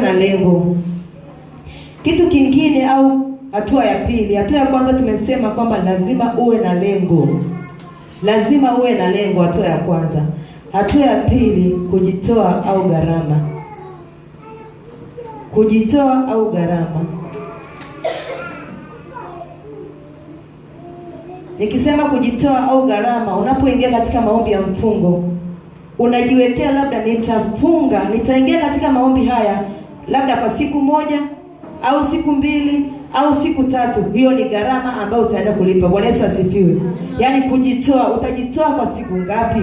na lengo. Kitu kingine au hatua ya pili, hatua ya kwanza tumesema kwamba lazima uwe na lengo, lazima uwe na lengo, hatua ya kwanza. Hatua ya pili, kujitoa au gharama, kujitoa au gharama. Nikisema kujitoa au gharama, unapoingia katika maombi ya mfungo unajiwekea labda, nitafunga, nitaingia katika maombi haya labda kwa siku moja au siku mbili au siku tatu, hiyo ni gharama ambayo utaenda kulipa. Bwana Yesu asifiwe. Yaani kujitoa, utajitoa kwa siku ngapi?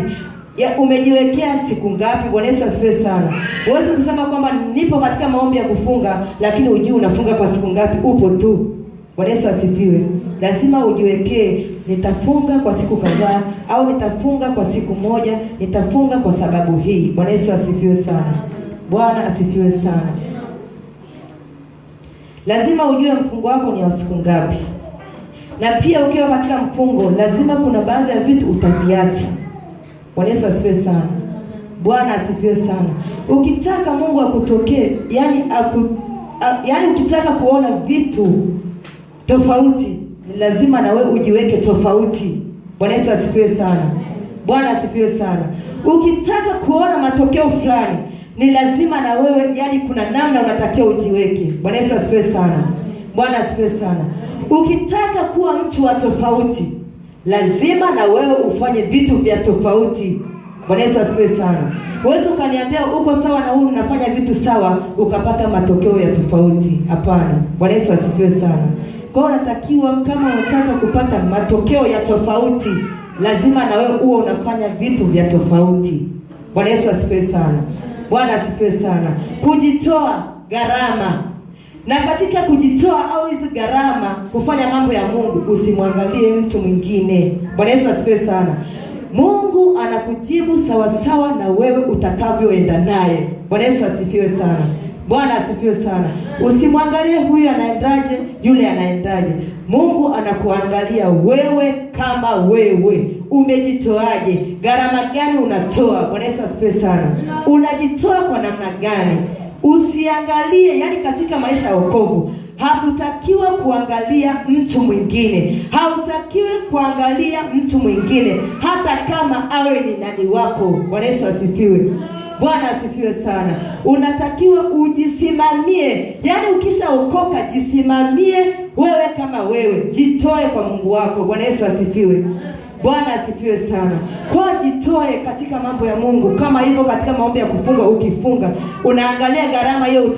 Ya, umejiwekea siku ngapi? Bwana Yesu asifiwe sana. Huwezi kusema kwamba nipo katika maombi ya kufunga, lakini ujui unafunga kwa siku ngapi. Upo tu. Bwana Yesu asifiwe. Lazima ujiwekee, nitafunga kwa siku kadhaa, au nitafunga kwa siku moja, nitafunga kwa sababu hii. Bwana Yesu asifiwe sana. Bwana asifiwe sana lazima ujue mfungo wako ni wa siku ngapi, na pia ukiwa katika mfungo lazima kuna baadhi ya vitu utaviacha. Bwana asifiwe sana. Bwana asifiwe sana. Ukitaka Mungu akutokee, yani aku, a, yani ukitaka kuona vitu tofauti ni lazima na wewe ujiweke tofauti. Bwana asifiwe sana. Bwana asifiwe sana. Ukitaka kuona matokeo fulani ni lazima na wewe, yani kuna namna unatakiwa ujiweke. Bwana Yesu asifiwe sana. Bwana asifiwe sana. Ukitaka kuwa mtu wa tofauti, lazima na wewe ufanye vitu vya tofauti. Bwana Yesu asifiwe sana. uwezi ukaniambia uko sawa na huyu unafanya vitu sawa ukapata matokeo ya tofauti. Hapana. Bwana Yesu asifiwe sana. Kwa hiyo unatakiwa, kama unataka kupata matokeo ya tofauti, lazima na wewe uwe unafanya vitu vya tofauti. Bwana Yesu asifiwe sana. Bwana asifiwe sana. Kujitoa gharama, na katika kujitoa au hizi gharama kufanya mambo ya Mungu, usimwangalie mtu mwingine. Bwana Yesu asifiwe sana. Mungu anakujibu sawasawa na wewe utakavyoenda naye. Bwana Yesu asifiwe sana. Bwana asifiwe sana. Usimwangalie huyu anaendaje, yule anaendaje. Mungu anakuangalia wewe kama wewe umejitoaje, gharama gani unatoa. Bwana Yesu asifiwe sana. Unajitoa kwa namna gani? Usiangalie, yani katika maisha ya wokovu hatutakiwa kuangalia mtu mwingine, hautakiwe kuangalia mtu mwingine, hata kama awe ni nani wako. Bwana Yesu asifiwe. Bwana asifiwe sana. Unatakiwa ujisimamie, yaani ukishaokoka jisimamie wewe kama wewe, jitoe kwa Mungu wako. Bwana Yesu asifiwe. Bwana asifiwe sana. Kwa jitoe katika mambo ya Mungu, kama hivyo katika maombi ya kufunga, ukifunga unaangalia gharama hiyo